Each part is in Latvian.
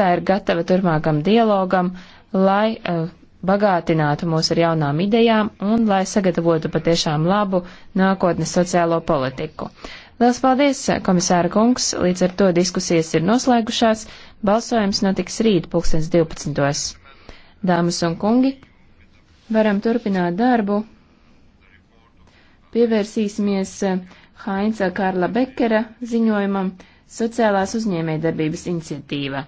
tā ir gatava turmākam dialogam, lai uh, bagātinātu mūs ar jaunām idejām un lai sagatavotu patiešām labu nākotnes sociālo politiku. Lielas paldies, komisāra kungs, līdz ar to diskusijas ir noslēgušās, balsojums notiks rīt 2012. Dāmas un kungi, varam turpināt darbu. Pievērsīsimies Hainca eh, Karla Bekera ziņojumam Sociālās uzņēmējdarbības iniciatīva.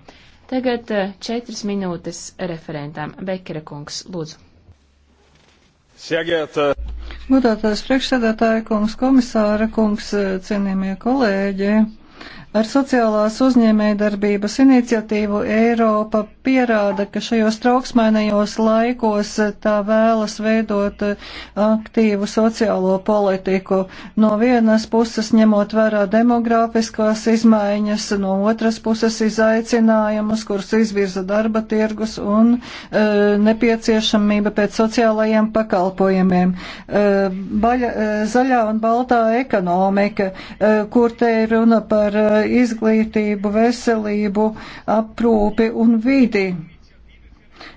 Tagad eh, četras minūtes referentām. Bekera kungs, lūdzu. Siegiet! Gudātājs priekšsēdētāja kungs, komisāra kungs, eh, cienījamie kolēģi! Ar sociālās uzņēmējdarbības iniciatīvu Eiropa pierāda, ka šajos trauksmainajos laikos tā vēlas veidot eh, aktīvu sociālo politiku. No vienas puses ņemot vērā demografiskās izmaiņas, no otras puses izaicinājumus, kurus izvirza darba tirgus un e, nepieciešamība pēc sociālajiem pakalpojumiem. E, baļa, e, zaļā un baltā ekonomika, e, kur te ir runa par izglītību, veselību, aprūpi un vidi.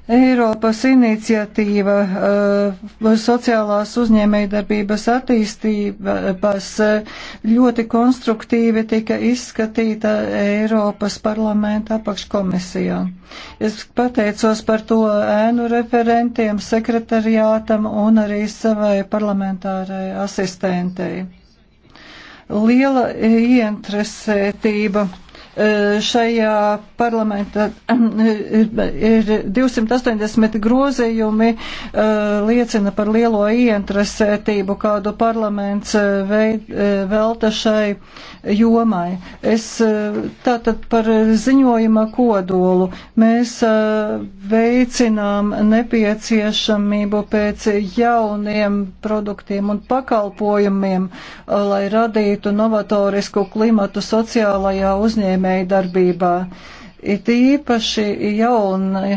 Eiropas iniciatīva uh, sociālās uzņēmējdarbības attīstības uh, ļoti konstruktīvi tika izskatīta Eiropas parlamenta apakškomisijā. Es pateicos par to ēnu referentiem, sekretariātam un arī savai parlamentārai asistentei liela ieinteresētība. Eh, šajā parlamentā eh, ir 280 grozījumi, eh, liecina par lielo ieinteresētību, kādu parlaments veid, velta šai jomai. Es tātad par ziņojuma kodolu. Mēs veicinām nepieciešamību pēc jauniem produktiem un pakalpojumiem, lai radītu novatorisku klimatu sociālajā uzņēmē uzņēmēju darbībā. It īpaši jauni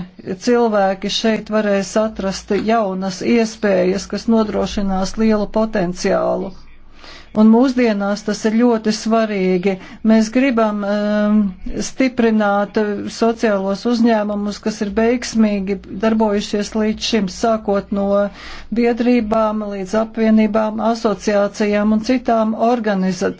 cilvēki šeit varēs atrast jaunas iespējas, kas nodrošinās lielu potenciālu. Un mūsdienās tas ir ļoti svarīgi. Mēs gribam um, stiprināt uh, sociālos uzņēmumus, kas ir veiksmīgi darbojušies līdz šim, sākot no biedrībām līdz apvienībām, asociācijām un citām organiza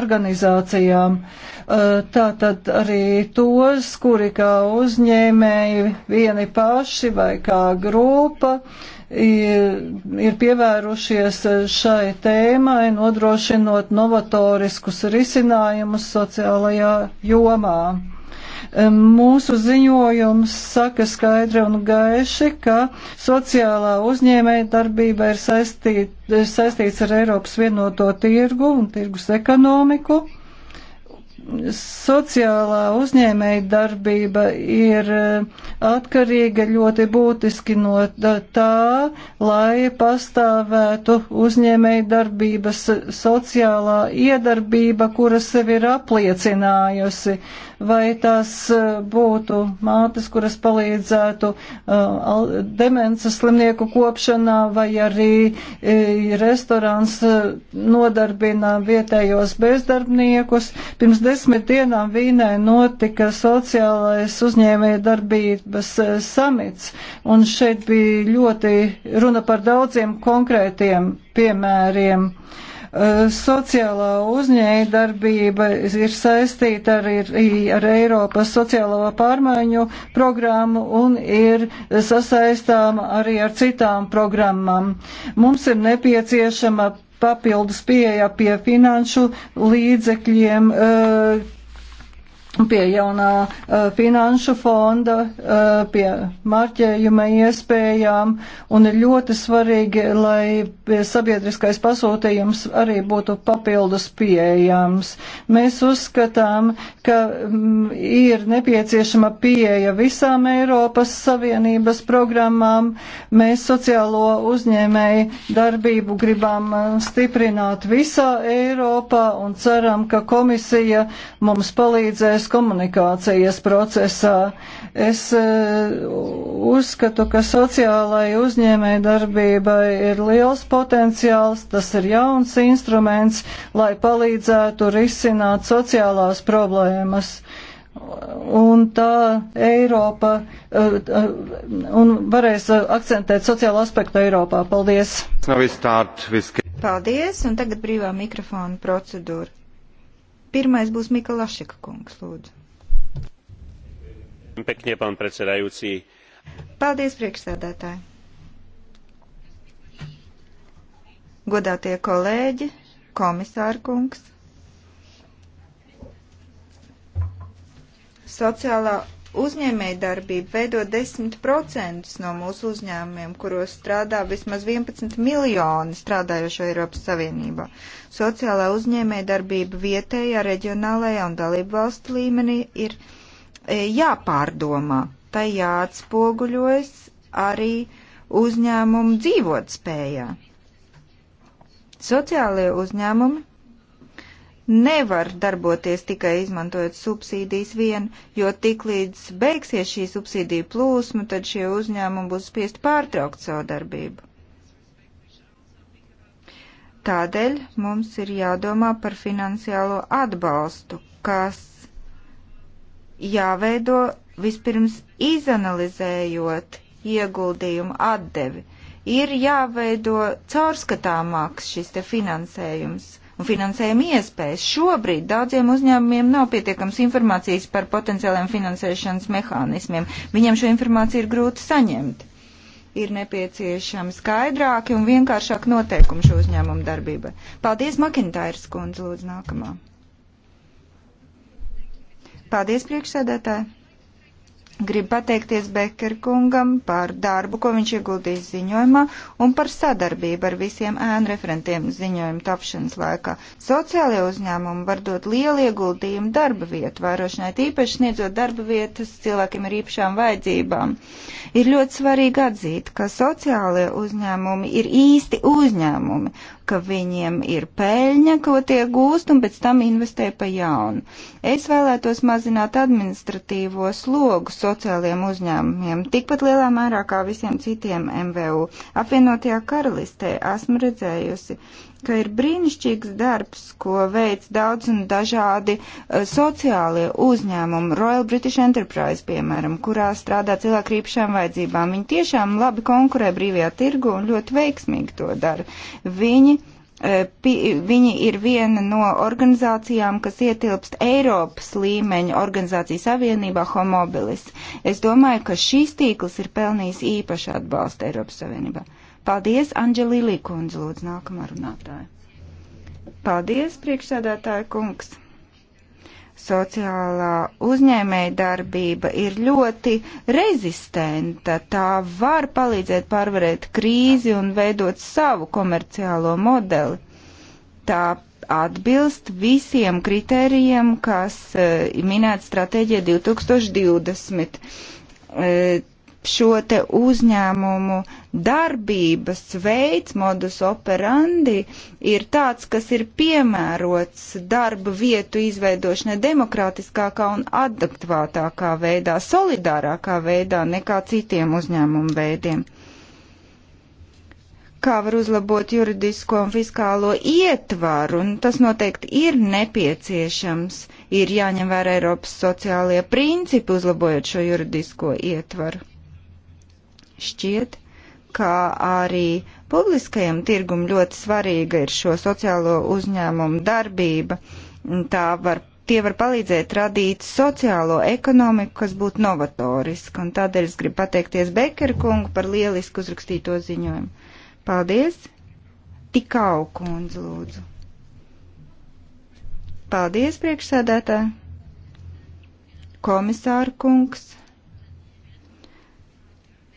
organizācijām. Uh, Tātad arī tos, kuri kā uzņēmēji vieni paši vai kā grupa, uh, ir pievērušies e, šai tēmai, nodrošinot novatoriskus risinājumus sociālajā jomā. E, mūsu ziņojums saka skaidri un gaiši, ka sociālā uzņēmēja darbība ir saistīt, saistīts ar Eiropas vienoto tirgu un tirgus ekonomiku sociālā uzņēmēja darbība ir e, atkarīga ļoti būtiski no tā, lai pastāvētu uzņēmēja darbības sociālā iedarbība, kura sevi ir apliecinājusi vai tās eh, būtu mātes, kuras palīdzētu eh, demences slimnieku kopšanā, vai arī eh, restorāns nodarbina vietējos bezdarbniekus. Pirms desmit dienām Vīnē notika sociālais uzņēmēja darbības samits, un šeit bija ļoti runa par daudziem konkrētiem piemēriem. Uh, Eh, sociālā uzņēma darbība ir saistīta ar, ar Eiropas sociālo pārmaiņu programmu un ir sasaistāma arī ar citām programmām. Mums ir nepieciešama papildus pieeja pie finanšu līdzekļiem. Uh, pie jaunā uh, finanšu fonda, uh, pie marķējuma iespējām, un ir ļoti svarīgi, lai sabiedriskais pasūtījums arī būtu papildus pieejams. Mēs uzskatām, ka mm, ir nepieciešama pieeja visām Eiropas Savienības programmām. Mēs sociālo uzņēmēju darbību gribam stiprināt visā Eiropā un ceram, ka komisija mums palīdzēs Eiropas komunikācijas procesā. Es e, uzskatu, ka sociālai uzņēmēji darbībai ir liels potenciāls, tas ir jauns instruments, lai palīdzētu risināt sociālās problēmas un tā Eiropa, e, e, un varēs akcentēt sociālo aspektu Eiropā. Paldies! Paldies, un tagad brīvā mikrofona procedūra. Pirmais būs Mikalašika kungs, lūdzu. Pekņie, pan predsedajúci. Paldies, priekšsēdētāji. Godātie kolēģi, komisāra kungs. Sociālā Uzņēmēja darbība veido 10% no mūsu uzņēmumiem, kuros strādā vismaz 11 miljoni strādājošo Eiropas Savienībā. Sociālā uzņēmēja darbība vietējā, reģionālajā un dalību valstu līmenī ir e, jāpārdomā. Tai jāatspoguļojas arī uzņēmumu dzīvotspējā. Sociālie uzņēmumi nevar darboties tikai izmantojot subsīdijas vien, jo tiklīdz beigsies šī subsīdija plūsma, tad šie uzņēmumi būs spiest pārtraukt savu darbību. Tādēļ mums ir jādomā par finansiālo atbalstu, kas jāveido vispirms izanalizējot ieguldījumu atdevi. Ir jāveido caurskatāmāks šis te finansējums un finansējuma iespējas. Šobrīd daudziem uzņēmumiem nav pietiekams informācijas par potenciāliem finansēšanas mehānismiem. Viņiem šo informāciju ir grūti saņemt. Ir nepieciešami skaidrāki un vienkāršāki noteikumi šo uzņēmumu darbībai. Paldies, Makintājas kundze, lūdzu nākamā. Paldies, priekšsēdētāji! Gribu pateikties Beker kungam par darbu, ko viņš ieguldījis ziņojumā, un par sadarbību ar visiem ēnu referentiem ziņojumu tapšanas laikā. Sociālajie uzņēmumi var dot lielu ieguldījumu darba vietu vairošanai, tīpaši sniedzot darba vietas cilvēkiem ar īpašām vajadzībām. Ir ļoti svarīgi atzīt, ka sociālajie uzņēmumi ir īsti uzņēmumi, ka viņiem ir peļņa, ko tie gūst, un pēc tam investē pa jaunu. Es vēlētos mazināt administratīvo slogu sociāliem uzņēmumiem, tikpat lielā mērā kā visiem citiem MVU. Apvienotajā karalistē esmu redzējusi ka ir brīnišķīgs darbs, ko veic daudz un dažādi eh, sociālie uzņēmumi, Royal British Enterprise, piemēram, kurā strādā cilvēku īpašām vajadzībām. Viņi tiešām labi konkurē brīvajā tirgu un ļoti veiksmīgi to dara. Viņi eh, Viņi ir viena no organizācijām, kas ietilpst Eiropas līmeņa organizācijas savienībā Homobilis. Es domāju, ka šīs tīkls ir pelnījis īpašu atbalstu Eiropas Savienībā. Uh, Paldies, Anģelī Līkundze, lūdzu, nākamā runātāja. Paldies, priekšsēdētāja kungs. Sociālā uzņēmēja darbība ir ļoti rezistenta. Tā var palīdzēt pārvarēt krīzi un veidot savu komerciālo modeli. Tā atbilst visiem kritērijiem, kas uh, minēta stratēģija 2020. Uh, šo te uzņēmumu darbības veids, modus operandi, ir tāds, kas ir piemērots darba vietu izveidošanai demokrātiskākā un adekvātākā veidā, solidārākā veidā nekā citiem uzņēmumu veidiem. Kā var uzlabot juridisko un fiskālo ietvaru, un tas noteikti ir nepieciešams, ir jāņem vērā Eiropas sociālie principi, uzlabojot šo juridisko ietvaru Šķiet, kā arī publiskajam tirgum ļoti svarīga ir šo sociālo uzņēmumu darbība. Tā var, tie var palīdzēt radīt sociālo ekonomiku, kas būtu novatoriska. Un tādēļ es gribu pateikties Bekera kungu par lielisku uzrakstīto ziņojumu. Paldies! Tikau kundze lūdzu. Paldies, priekšsēdētāji! Komisāra kungs!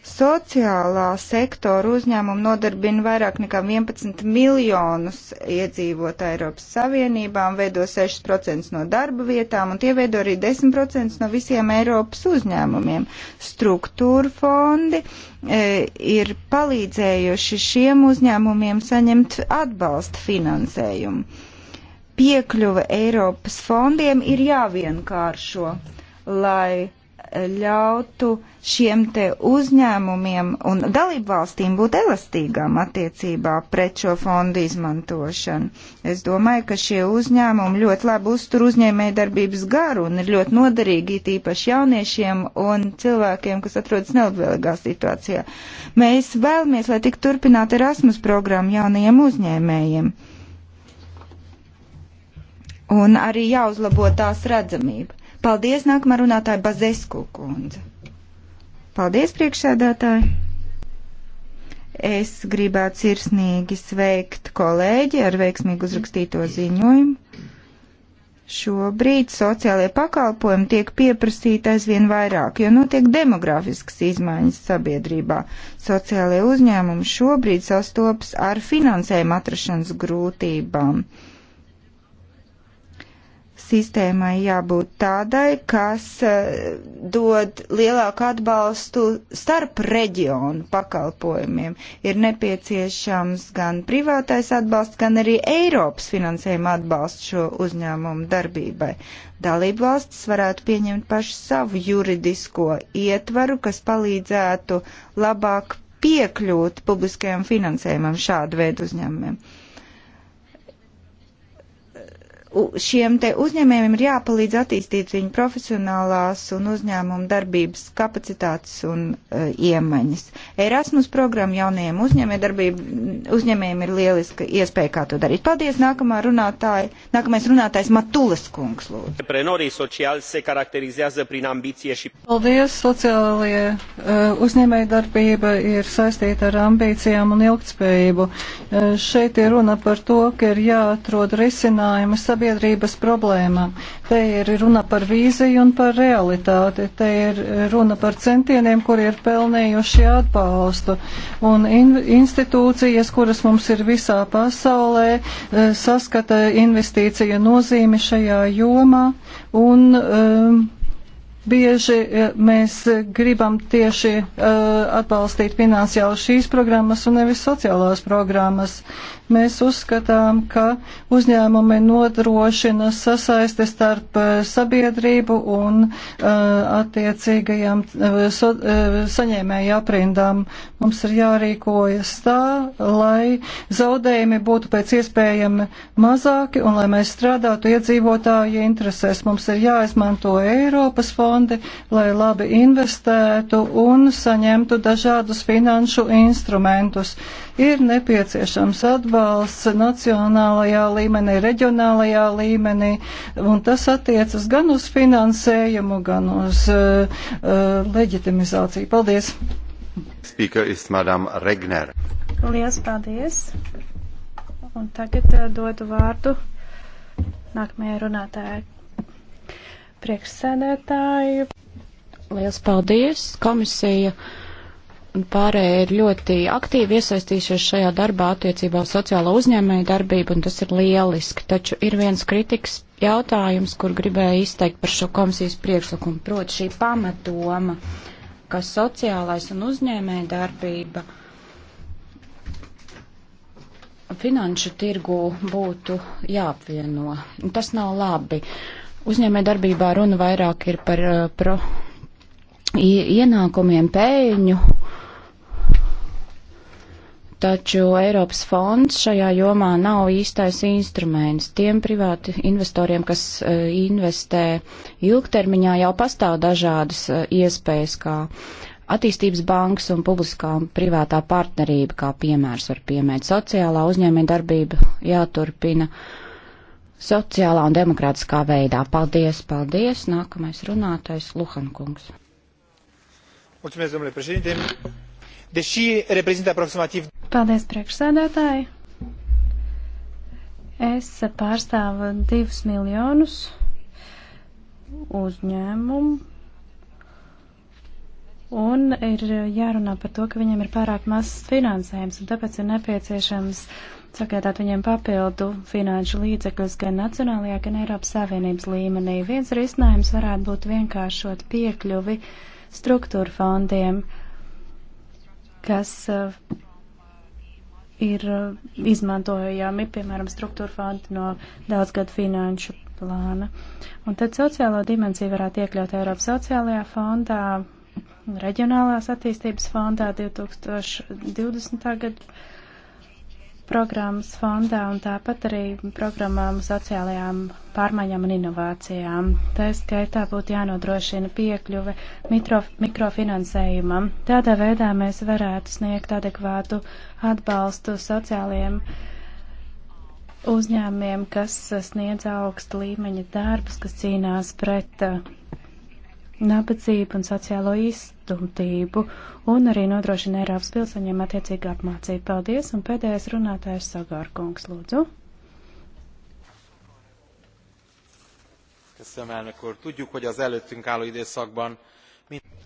Sociālā sektora uzņēmumi nodarbina vairāk nekā 11 miljonus iedzīvotāju Eiropas Savienībā un veido 6% no darba vietām, un tie veido arī 10% no visiem Eiropas uzņēmumiem. Struktūra fondi e, ir palīdzējuši šiem uzņēmumiem saņemt atbalsta finansējumu. Piekļuve Eiropas fondiem ir jāvienkāršo, lai ļautu šiem te uzņēmumiem un dalību valstīm būt elastīgām attiecībā pret šo fondu izmantošanu. Es domāju, ka šie uzņēmumi ļoti labi uztur uzņēmēju darbības garu un ir ļoti noderīgi tīpaši jauniešiem un cilvēkiem, kas atrodas nelabvēlīgā situācijā. Mēs vēlamies, lai tik turpināta Erasmus programma jaunajiem uzņēmējiem. Un arī jāuzlabo tās redzamība. Paldies, nākamā runātāja Bazesku kundze. Paldies, priekšsēdētāji. Es gribētu sirsnīgi sveikt kolēģi ar veiksmīgu uzrakstīto ziņojumu. Šobrīd sociālajie pakalpojumi tiek pieprasīti aizvien vairāk, jo notiek demografiskas izmaiņas sabiedrībā. Sociālajie uzņēmumi šobrīd sastopas ar finansējuma atrašanas grūtībām. Uh, sistēmai jābūt tādai, kas e, dod lielāku atbalstu starp reģionu pakalpojumiem. Ir nepieciešams gan privātais atbalsts, gan arī Eiropas finansējuma atbalsts šo uzņēmumu darbībai. Dalību valstis varētu pieņemt pašu savu juridisko ietvaru, kas palīdzētu labāk piekļūt publiskajam finansējumam šādu veidu uzņēmumiem šiem te uzņēmējiem ir jāpalīdz attīstīt viņu profesionālās un uzņēmumu darbības kapacitātes un uh, iemaņas. Erasmus programma jaunajiem uzņēmējiem ir lieliska iespēja, kā to darīt. Paldies, nākamā runātāja, nākamais runātājs Matulas kungs, lūdzu. Paldies, sociālie uh, uzņēmēja darbība ir saistīta ar ambīcijām un ilgtspējību. Uh, šeit ir runa par to, ka ir jāatrod risinājumi sabiedrībai sabiedrības problēmām. Te ir runa par vīziju un par realitāti. Te ir runa par centieniem, kuri ir pelnījuši atbalstu. Un in institūcijas, kuras mums ir visā pasaulē, eh, saskata investīciju nozīmi šajā jomā. Un, um, Bieži eh, mēs gribam tieši uh, atbalstīt finansiāli šīs programmas un nevis sociālās programmas. Mēs uzskatām, ka uzņēmumi nodrošina sasaisti starp eh, sabiedrību un uh, attiecīgajām uh, so, uh, saņēmēju aprindām. Mums ir jārīkojas tā, lai zaudējumi būtu pēc iespējami mazāki un lai mēs strādātu iedzīvotāju interesēs. Mums ir jāizmanto Eiropas fondi, lai labi investētu un saņemtu dažādus finanšu instrumentus. Ir nepieciešams atbalsts atbalsts nacionālajā līmenī, reģionālajā līmenī, un tas attiecas gan uz finansējumu, gan uz uh, uh, leģitimizāciju. Paldies! Speaker is Madam Regner. Lielas paldies! Un tagad uh, dodu vārdu nākamajai runātājai. Priekšsēdētāji. Lielas paldies! Komisija. Uh, pārējie ir ļoti aktīvi iesaistījušies šajā darbā attiecībā uz sociālo uzņēmēju darbību, un tas ir lieliski. Taču ir viens kritikas jautājums, kur gribēju izteikt par šo komisijas priekšlikumu, proti šī pamatoma, ka sociālais un uzņēmēja darbība finanšu tirgu būtu jāapvieno. Tas nav labi. Uzņēmē darbībā runa vairāk ir par eh, pro, ienākumiem, pēļņu taču Eiropas fonds šajā jomā nav īstais instruments. Tiem privāti investoriem, kas e, investē ilgtermiņā, jau pastāv dažādas e, iespējas, kā attīstības bankas un publiskā un privātā partnerība, kā piemērs var piemēt. Sociālā uzņēmē darbība jāturpina sociālā un demokrātiskā veidā. Paldies, paldies. Nākamais runātais Luhankungs. Mulțumesc, domnule președinte deși reprezintă aproximativ. Paldies, priekšsēdētāji! Es pārstāvu divus miljonus uzņēmumu, un ir jārunā par to, ka viņiem ir pārāk mazs finansējums, un tāpēc ir nepieciešams sagādāt viņiem papildu finanšu līdzekļus gan nacionālajā, gan Eiropas Savienības līmenī. Viens risinājums varētu būt vienkāršot piekļuvi struktūra fondiem. Uh, kas eh, ir eh, izmantojami, piemēram, struktūra fondi no daudzgadu finanšu plāna. Un tad sociālo dimensiju varētu iekļaut Eiropas sociālajā fondā, reģionālās attīstības fondā 2020. gadu programmas fondā un tāpat arī programmām sociālajām pārmaiņām un inovācijām. Tā skaitā būtu jānodrošina piekļuve mikro, mikrofinansējumam. Tādā veidā mēs varētu sniegt adekvātu atbalstu sociālajiem uzņēmiem, kas sniedz augsta līmeņa darbus, kas cīnās pret uh, nabadzību un sociālo izstumtību un arī nodrošina Eiropas pilsoņiem attiecīgu apmācību. Paldies, un pēdējais runātājs Sagārkungs, lūdzu. Köszönöm, elnök úr. Tudjuk, hogy az előttünk álló időszakban...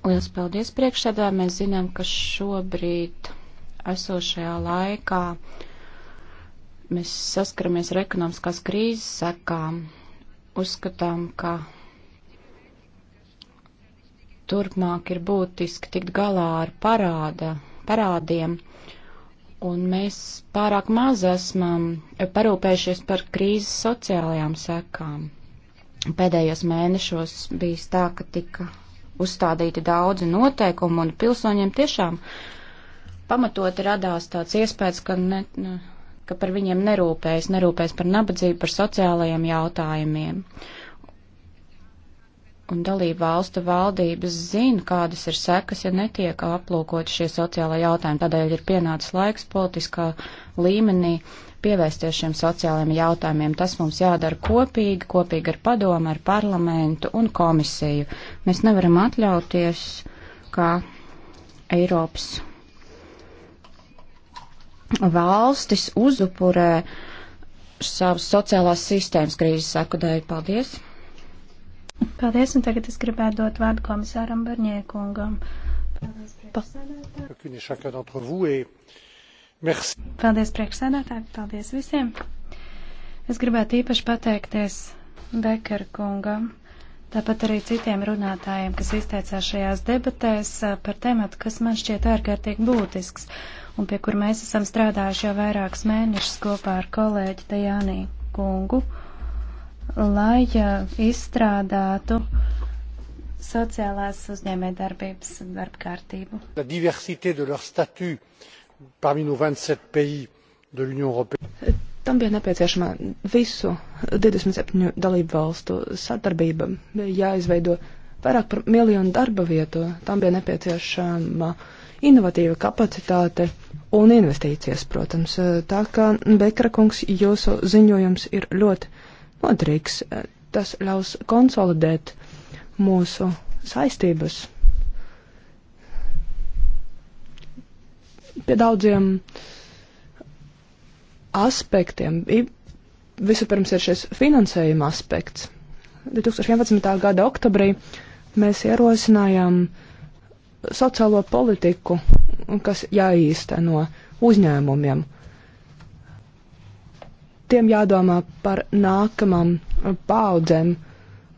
Liels paldies priekšsēdā. Mēs zinām, ka šobrīd esošajā laikā mēs saskaramies ar ekonomiskās krīzes sekām. Uzskatām, ka turpmāk ir būtiski tikt galā ar parāda, parādiem, un mēs pārāk maz esam parūpējušies par krīzes sociālajām sekām. Pēdējos mēnešos bijis tā, ka tika uzstādīti daudzi noteikumi, un pilsoņiem tiešām pamatoti radās tāds iespējas, ka, ne, ka par viņiem nerūpējas, nerūpējas par nabadzību, par sociālajiem jautājumiem. Uh, un dalību valstu valdības zina, kādas ir sekas, ja netiek aplūkot šie sociālai jautājumi. Tādēļ ir pienācis laiks politiskā līmenī pievērsties šiem sociālajiem jautājumiem. Tas mums jādara kopīgi, kopīgi ar padomu, ar parlamentu un komisiju. Mēs nevaram atļauties, kā Eiropas valstis uzupurē savas sociālās sistēmas krīzes sekudēju. Paldies! Paldies, un tagad es gribētu dot vārdu komisāram Barņiekungam. Paldies, priekšsēdētāji, paldies visiem. Es gribētu īpaši pateikties Bekara kungam, tāpat arī citiem runātājiem, kas izteicās šajās debatēs par tematu, kas man šķiet ārkārtīgi būtisks un pie kur mēs esam strādājuši jau vairākus mēnešus kopā ar kolēģi Tajānī kungu lai izstrādātu sociālās uzņēmējdarbības darba kārtību. La diversité de leur statut parmi nos 27 pays de l'Union européenne. Tam bija nepieciešama visu 27 dalību valstu sadarbība, bija jāizveido vairāk par miljonu darba vietu, tam bija nepieciešama inovatīva kapacitāte un investīcijas, protams. Tā kā Bekra kungs, jūsu ziņojums ir ļoti noderīgs. Eh, tas ļaus konsolidēt mūsu saistības. Pie daudziem aspektiem vispirms ir šis finansējuma aspekts. 2011. gada oktobrī mēs ierosinājām sociālo politiku, kas jāīsteno uzņēmumiem. Uh, tiem jādomā par nākamām paudzēm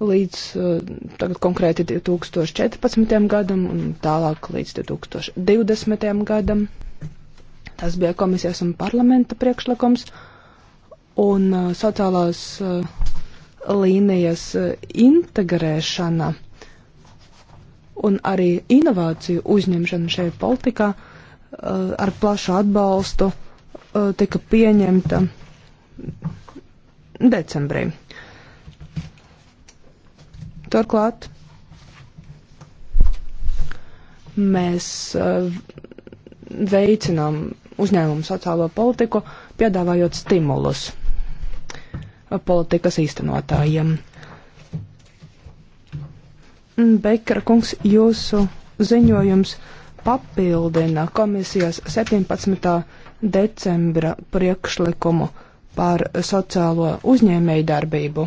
līdz eh, tagad konkrēti 2014. gadam un tālāk līdz 2020. gadam. Tas bija komisijas un parlamenta priekšlikums, un eh, sociālās eh, līnijas integrēšana un arī inovāciju uzņemšana šajā politikā ar plašu atbalstu tika pieņemta decembrī. Turklāt mēs eh, veicinām uzņēmumu sociālo politiku, piedāvājot stimulus politikas īstenotājiem. Bekara kungs, jūsu ziņojums papildina komisijas 17. decembra priekšlikumu par sociālo uzņēmēju darbību.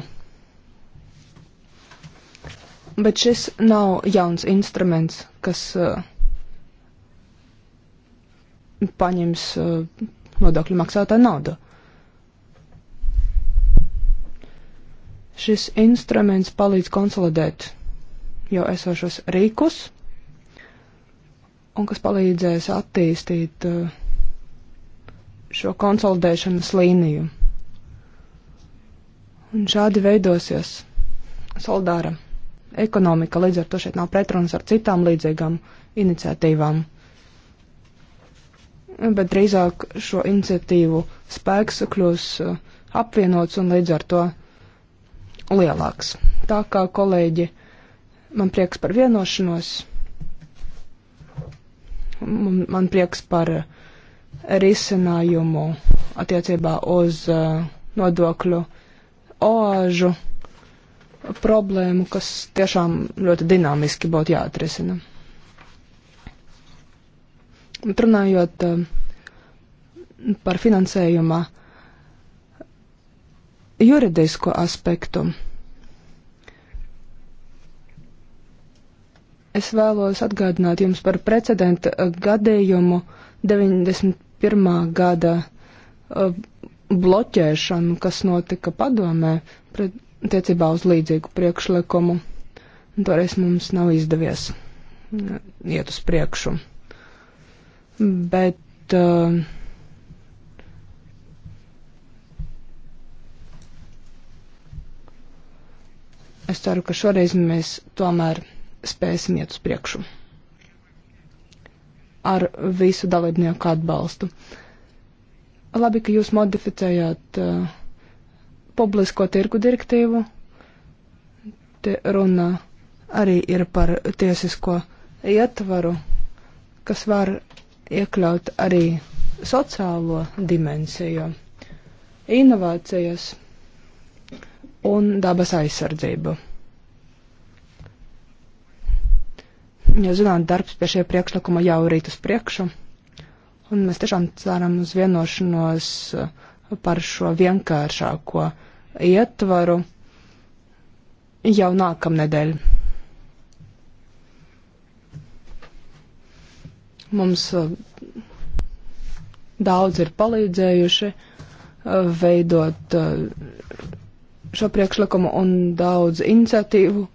Bet šis nav jauns instruments, kas uh, paņems uh, nodokļu maksātāju naudu. Šis instruments palīdz konsolidēt jau esošos rīkus un kas palīdzēs attīstīt uh, šo konsolidēšanas līniju. Un šādi veidosies soldāra ekonomika, līdz ar to šeit nav pretrunas ar citām līdzīgām iniciatīvām. Bet drīzāk šo iniciatīvu spēks kļūs uh, apvienots un līdz ar to lielāks. Tā kā kolēģi, man prieks par vienošanos, man prieks par uh, risinājumu attiecībā uz uh, nodokļu oāžu problēmu, kas tiešām ļoti dinamiski būtu jāatrisina. Runājot eh, par finansējuma juridisko aspektu, es vēlos atgādināt jums par precedenta gadījumu 91. gada eh, bloķēšanu, kas notika padomē attiecībā uz līdzīgu priekšlikumu. Toreiz mums nav izdevies mm, iet uz priekšu. Bet uh, es ceru, ka šoreiz mēs tomēr spēsim iet uz priekšu ar visu dalībnieku atbalstu. Uh, Labi, ka jūs modificējāt uh, publisko tirgu direktīvu. Te runa arī ir par tiesisko ietvaru, kas var iekļaut arī sociālo dimensiju, inovācijas un dabas aizsardzību. Ja zināt, darbs pie šie priekšlikuma jau rīt uz priekšu. Un mēs tiešām ceram uz vienošanos uh, par šo vienkāršāko ietvaru jau nākamnedēļ. Mums uh, daudz ir palīdzējuši uh, veidot šo priekšlikumu un daudz iniciatīvu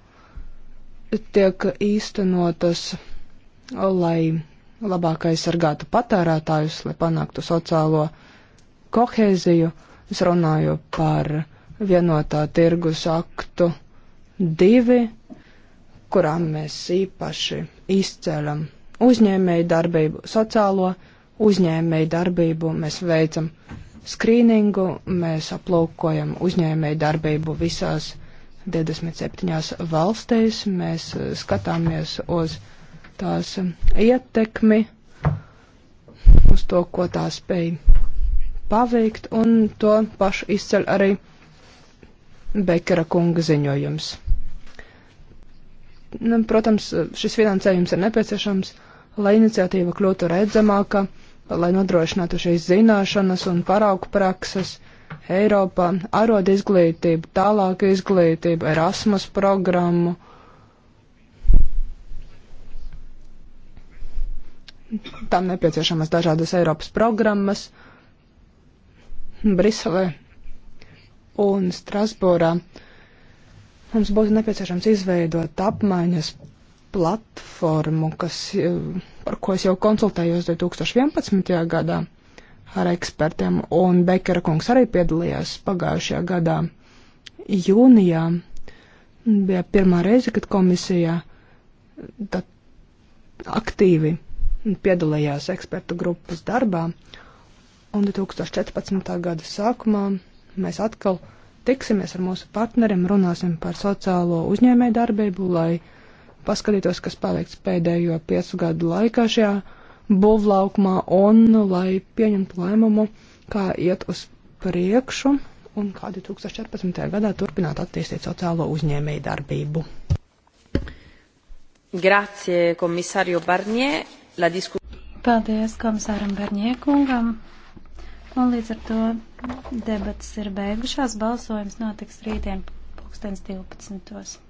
tiek īstenotas, lai labāk aizsargātu patērētājus, lai panāktu sociālo kohēziju. Es runāju par vienotā tirgus aktu divi, kurām mēs īpaši izceļam uzņēmēju darbību, sociālo uzņēmēju darbību. Mēs veicam skrīningu, mēs aplūkojam uzņēmēju darbību visās 27 valstīs, mēs skatāmies uz tās um, ietekmi, uz to, ko tā spēja paveikt, un to pašu izceļ arī Bekara kunga ziņojums. Nu, protams, šis finansējums ir nepieciešams, lai iniciatīva kļūtu redzamāka, lai nodrošinātu šīs zināšanas un paraugu prakses Eiropā, arod izglītību, tālāku izglītību, Erasmus programmu tam nepieciešamas dažādas Eiropas programmas Briselē un Strasbūrā. Mums būtu nepieciešams izveidot apmaiņas platformu, kas, par ko es jau konsultējos 2011. gadā ar ekspertiem, un Bekera kungs arī piedalījās pagājušajā gadā jūnijā. Bija pirmā reize, kad komisija aktīvi piedalījās ekspertu grupas darbā, un 2014. gada sākumā mēs atkal tiksimies ar mūsu partneriem, runāsim par sociālo uzņēmēju darbību, lai paskatītos, kas paveikts pēdējo piecu gadu laikā šajā būvlaukumā, un nu, lai pieņemtu lēmumu, kā iet uz priekšu un kā 2014. gadā turpināt attīstīt sociālo uzņēmēju darbību. Grazie, komisārio Barnier la diskusija. Paldies komisāram Barņiekungam. Un līdz ar to debatas ir beigušās. Balsojums notiks rītdien pulkstens 12.